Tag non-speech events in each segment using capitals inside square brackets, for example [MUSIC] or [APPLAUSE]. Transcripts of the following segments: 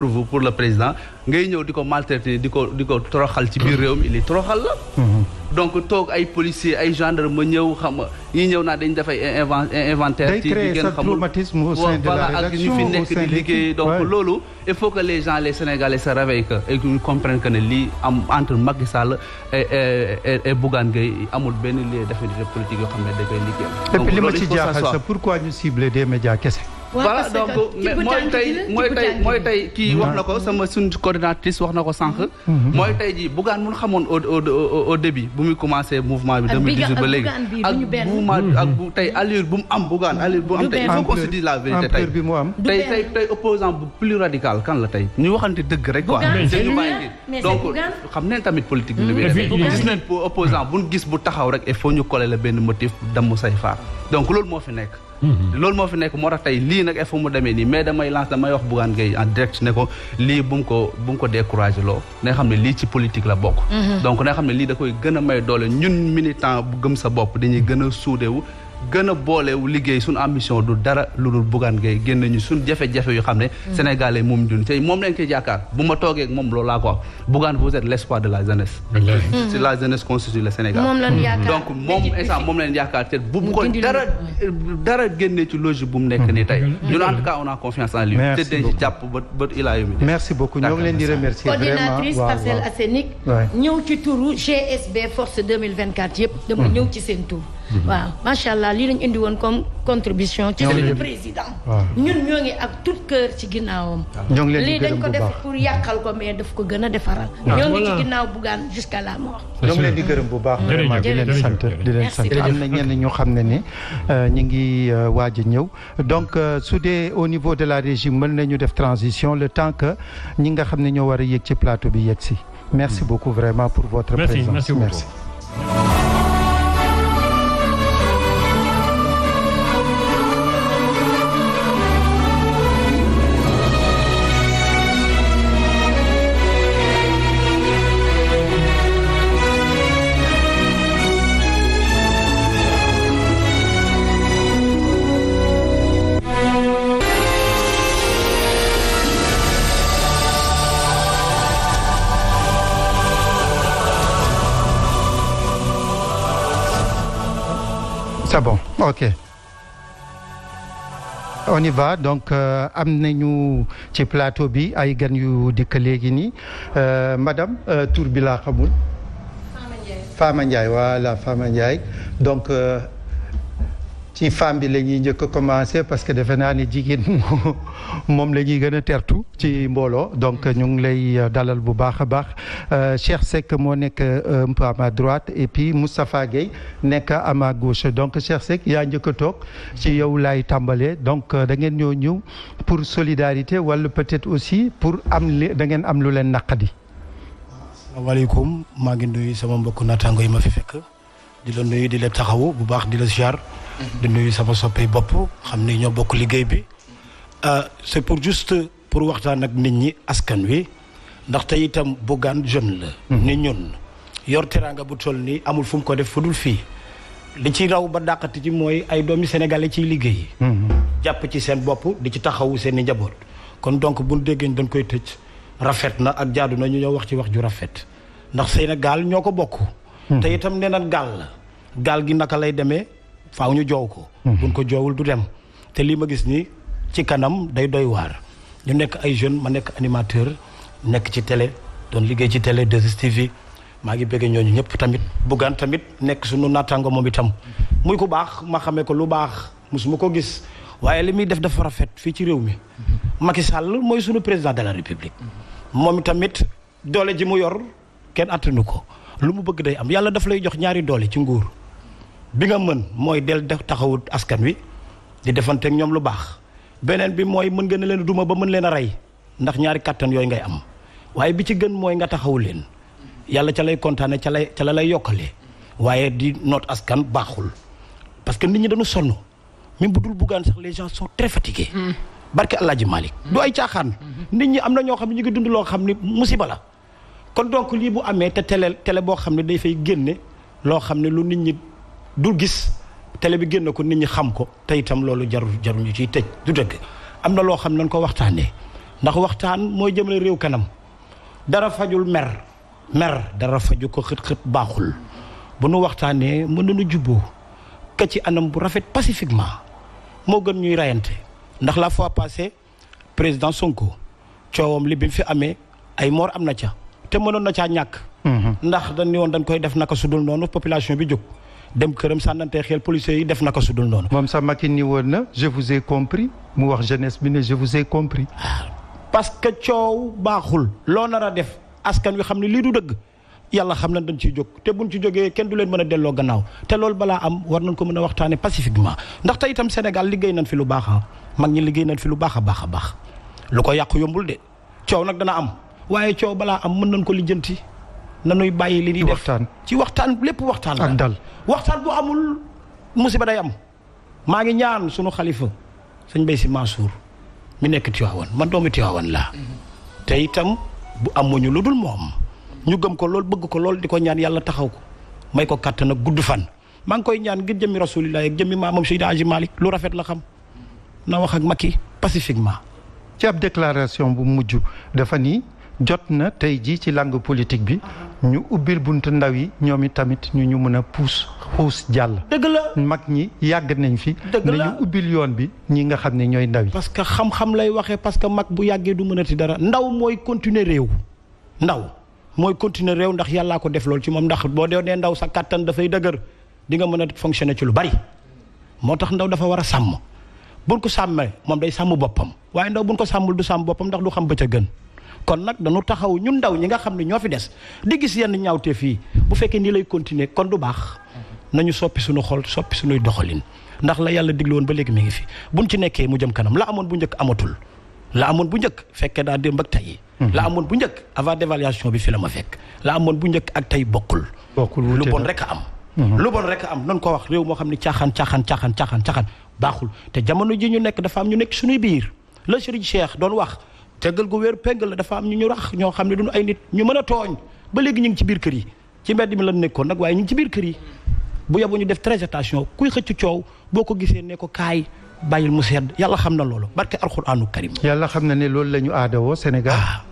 vous pour le président ngay ñëw di ko maltraiter di ko di ko toroxal ci biir réew mi li toroxal la donc toog ay policier ay gendarme ma ñëw xam nga ñi ñëw naa dañ dafay inventaire ci li ngeen xamul voilà ak ñu fi nekk di liggéey donc loolu il faut que les gens les sénégalais se réveillent que et ñu comprennent que ne lii am entre Macky Sall et Bougane Gueye amul benn lien d'affinité politique yoo xam ne da liggéey et ci jaaxal sax pourquoi ñu cibler des médias kese voilà donc mais mooy tey mooy tey mooy tey kii wax na ko sama suñ coordinatrice wax na ko sànq. Mhm. mooy tey jii bugaan mun xamoon au au bu muy commencé mouvement bi. 2018 ba léegi ak bu ma mhm. ak bu tey allure bu mu am Bougane allure bu mu am tey il faut qu'on se dise la vérité tey opposant bu plus radical kan la tey ñu waxante dëgg rek quoi. mais donc xam neen tamit politique bi. Hmm. gis nañ pour opposant bu gis bu taxaw rek il faut ñu coller la benn motif damm say faar donc loolu moo fi nekk. Hmm. loolu moo fi nekk moo tax tey lii nag il faut mu demee nii mais damay lance damay wax Bougane Gueye en direct ne lii bu mu ko bu loo na xam ne lii ci politique la bokk. Hmm. donc na xam ne lii da koy gën a may doole ñun militant bu gëm sa bopp dañuy gën a suudewu gën boole boolewu liggéey suñu ambition du dara lu dul Bougane Gueye génn ñu suñu jafe-jafe yu xam ne mm. sénégalais moom dun tey moom lañ koy yaakaar bu ma toogee ak moom loolu laa ko wax Bougane vous êtes l' de la jeunesse mm-hmm. Mm-hmm. si la jeunesse donc moom instant moom lañ yaakaar te bu ko dara euh, dara génnee ci logique bu mu nekk mm-hmm. nii tey ñun en tout cas on confiance en lui te ci jàpp ba ilaa yu merci beaucoup di remercier coordinatrice ñëw ci turu GSB force 2024 yëpp dama ñëw ci seen tur waaw macha allah lii lañ indi woon comme contribution. ci suñu président. ñun ñoo ngi ak tout cœur ci ginnaawam. lii dañ ko def pour yàqal ko mais daf ko gën a defaral. ñoo ngi ci ginnaaw Bougane jusqu'à la mort. ñoo leen di gërëm bu baax. vraiment di leen sant di leen sant am na ñenn ñoo xam ne ne euh, ñu ngi euh, waaj a ñëw donc euh, su au niveau de la régie mën nañu def transition le temps que ñi nga xam ne ñoo war a yéeg ci plateau bi yegg si. merci mm. beaucoup vraiment pour votre présence merci merci. C'est bon ok on y donc euh, am nañu ci plateau bi ay gan yu dikk léegi nii euh, madame euh, tur bi laa xamul Fama Ndiaye voilà Fama donc ci femme bi la ñuy njëkk a commencé parce que defe naa ne jigéen [LAUGHS] moom la ñuy gën a tertu ci mbooloo donc ñu ngi lay euh, dalal bu baax a baax euh, Cheikh Seck moo nekk euh, un peu droite et puis Moustapha Gueye nekk à gauche donc Cheikh Seck yaa njëkk toog ci yow laay tàmbalee donc da ngeen ñoo ñëw pour solidarité wala peut-être aussi pour am li da ngeen am lu leen naqadi. asalaamaaleykum maa ngi nuyu sama mbokk naataango yi ma fi fekk. di la nuyu di la taxawu bu baax di la ziar. Mhm. di nuyu sama soppe bopp xam ni ñoo bokk liggéey bi. Euh, c'est pour juste pour waxtaan ak nit ñi askan wi ndax te itam Bougane jeune la. Mhm. ni ñun yor teraanga bu toll nii amul fu mu ko def fu dul fii. li ci raw ba dàqati ci mooy ay doomi sénégalais ciy liggéey. Mhm. jàpp ci seen bopp di ci taxawu seen i njaboot. kon donc bu déggee dañ koy tëj rafet na ak jaadu na ñu ñoo wax ci wax ju rafet ndax Sénégal ñoo ko bokk. Hmm. te itam nee na gaal la gaal gi naka lay demee faaw ñu joow ko hmm. buñ ko joowul du dem te lii ma gis nii ci kanam day doy waar ñu nekk ay jeune ma nekk animateur nekk ci télé doon liggéey ci télé 2STV maa ngi bëgg ñooñu ñëpp tamit buggaan tamit nekk suñu naataango moom itam muy ku baax ma xamee ko lu baax musuma ko gis waaye li muy def dafa rafet fii ci réew mi Macky Sall mooy suñu président de la république hmm. moom tamit doole ji mu yor kenn attanu ko lu mu bëgg day am yàlla daf lay jox ñaari doole ci nguur bi nga mën mooy del def taxawut askan wi di defanteeg ñoom lu baax beneen bi mooy mën nga ne leen duma ba mën leen a rey ndax ñaari kàttan yooyu ngay am waaye bi ci gën mooy nga taxawu leen yàlla ca lay kontaane ca lay ca la lay yokkale waaye di noot askan baaxul parce que nit ñi dañu sonn même bu dul buggaan sax les gens sont très fatigués mm. barke Alaaji Malick du ay caaxaan mm-hmm. nit ñi am na ñoo xam ne ñu dund loo xam ni musiba la kon donc lii bu amee te télé télé boo xam ne day fay génne loo xam ne lu nit ñi du gis télé bi génne ko nit ñi xam ko te itam loolu jarul jarul ñu ciy tëj du dëgg am na loo xam nañ ko waxtaanee ndax waxtaan mooy jëmale réew kanam dara fajul mer mer dara faju ko xët-xët baaxul bu nu waxtaanee mën nañu jubboo ka ci anam bu rafet pacifiquement moo gën ñuy rayante ndax la fois passée président Sonko coowam li bi fi amee ay moor am na ca te mënoon na caa ñàkk. Mhm. ndax dan ne woon dañ koy def na naka sudul noonu population bi jóg. dem këram sànnante xeel policiers yi def na naka sudul noonu. moom sax Macky ni woon na je vous ai compris mu wax jeunesse bi ne je vous ai compris. Ah, parce que coow baaxul. loo nar a def askan wi xam ne lii du dëgg yàlla xam na dañ ciy jóg te buñ ci jógee kenn du leen mën a delloo gannaaw te lool balaa am war nañ ko mën a waxtaanee pacifiquement ndax te itam Sénégal liggéey nañ fi lu baax a mag ñi liggéey nañ fi lu baax a baax a baax lu ko yàq yombul de coow nag dana am. waaye coow balaa am mën nañ ko lijjanti nanuy bàyyi li ñuy def ci waxtaan lépp waxtaan la ak dal waxtaan bu amul musiba day am maa ngi ñaan sunu xalifa sëñ Bay Si Mansour mi nekk Tiwaawan man doomu Tiwaawan laa te itam bu amuñu lu dul moom ñu gëm ko lool bëgg ko lool di ko ñaan yàlla taxaw ko may ko kàttan ak gudd fan maa ngi koy ñaan ngir jëmmi rasulillah ak jëmmi maamam Seydi Aji lu rafet la xam na wax ak Macky pacifiquement ca ab déclaration bu mujj dafa nii jot na tey jii ci langue politique bi ñu ubbil bunt ndaw yi ñoom i tamit ñu ñu mën a puus xuus jàll. dëgg mag ñi yàgg nañ fi. dëgg la ubbil yoon bi ñi nga xam ne ñooy ndaw yi. parce que xam-xam lay waxe parce que mag bu yàggee du mënati dara ndaw mooy continuer réew ndaw mooy continuer réew ndax yàllaa ko def loolu ci moom ndax boo dee ndaw sa kàttan dafay dëgër di nga mën a fonctionner ci lu bari moo tax ndaw dafa war a sàmm buñ ko sàmmee moom day sàmm boppam waaye ndaw buñ ko sàmmul du sàmm boppam ndax du xam bëccëg gën kon nag dañu taxaw ñun ndaw ñi nga xam ne ñoo fi des di gis yenn ñaawte fii bu fekkee nii lay continuer kon du baax nañu soppi suñu xol soppi suñuy doxalin ndax la yàlla digle woon ba léegi mi ngi fi buñ ci nekkee mu jëm kanam la amoon bu njëkk amatul la amoon bu njëkk fekkee daa démb ak tey mhm. la amoon bu njëkk avant dévaluation bi fi la ma fekk la bu njëkk ak tey bokkul mhm. lu bon rek am lu bon rek am nan koo wax réew moo xam ne caaxaan caaxaan caaxaan caaxaan caaxaan baaxul te jamono ji ñu nekk dafa am ñu nekk suñuy biir la Serigne Cheikh doon wax teggal gu wéer pengal la dafa am ñu ñu rax ñoo xam ne duñu ay nit ñu mën a tooñ ba léegi ñu ngi ci biir kër yi ci mbedd mi lan nekkoon nag waaye ñu ngi ci biir kër yi bu yeboo ñu def très attention kuy xëcc coow boo ko gisee ne ko kaay bàyyil mu sedd yàlla xam na loolu barke alxuraanu karim. yàlla xam na ne loolu la ñu aadawoo Sénégal. Ah.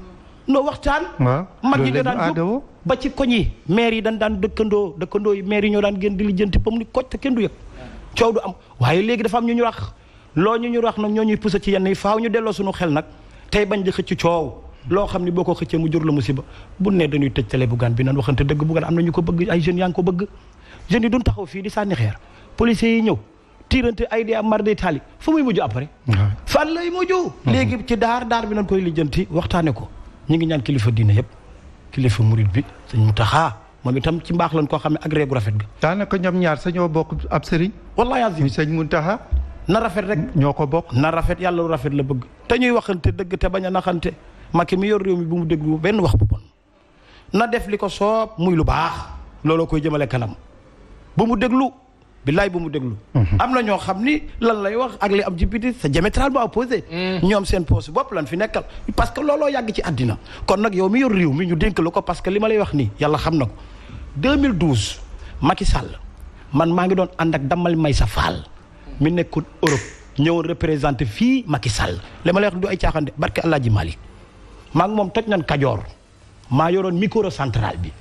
no waxtaan. waaw mag ñi daan jóg ba ci koñ yi. maire yi dañ daan dëkkandoo dëkkandoo yi maire yi ñoo daan génn di lijjanti ba mu ni kocc te kenn du yëg coow du am waaye léegi dafa am ñu ñu rax loo ñu ñu rax nag ñoo ñuy poussé ci yenn yi faaw ñu delloo suñu xel nag tey bañ di xëcc coow loo xam ni boo ko xëccee mu jur la musiba bu ne dañuy tëj télé Bougane bi nan waxante dëgg Bougane am na ñu ko bëgg ay jeunes yaa ngi ko bëgg jeunes yi duñ taxaw fii di sànni xeer policiers yi ñëw tiirante ay di am mar day taali fu muy mujj après fan lay mujj mhm. léegi ci daar daar bi nañ koy lijjanti waxtaane ko ñu ngi ñaan kilifa diine yëpp kilifa murid bi sëñ Mountakha moom itam ci mbaax lañ koo xam ne ak réegu rafet bi daanaka ñoom ñaar sañoo bokk ab sëriñ wallaay azim sëñ taxa na rafet rek. ñoo ko bokk na rafet yàlla lu rafet la bëgg. te ñuy waxante dëgg te bañ a naxante Macky mi yor réew mi bu mu déglu benn wax bu na def li ko soob muy lu baax looloo koy jëmale kanam bu mu déglu billaay bu mu déglu. Mhm. am na ñoo xam ni lan lay wax ak li am ci biti c'est diamétralement opposé. Mm. ñoom seen poche bopp lan fi nekkal parce que looloo yàgg ci àddina kon nag yow mi yor réew mi ñu dénk ko parce que li ma lay wax nii yàlla xam na ko 2012 Macky Sall man maa ngi doon ànd ak dammal may sa faal. mi nekkul Europe ñëwoon représenté fii Macky Sall li ma lay wax du ay caaxaan de barke El Hadj Malick maa moom toj nan Kajoor maa yoroon micro central bi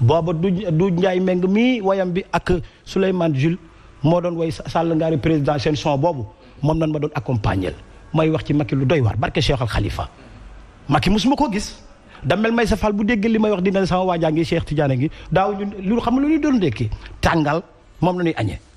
booba du du Njaay Meng mii wayam bi ak Souleymane Jules moo doon way Sall ngaari président seen son boobu moom nan ma doon accompagner may wax ci Macky lu doy waar barke Cheikh Al Khalifa Macky musuma ko gis. dam damel may sa fal bu dégg li may wax dina sama waajaa ngi Cheikh Tidiane ngi daaw ñun lu xam lu ñu doon ndékki tàngal moom la ñuy añee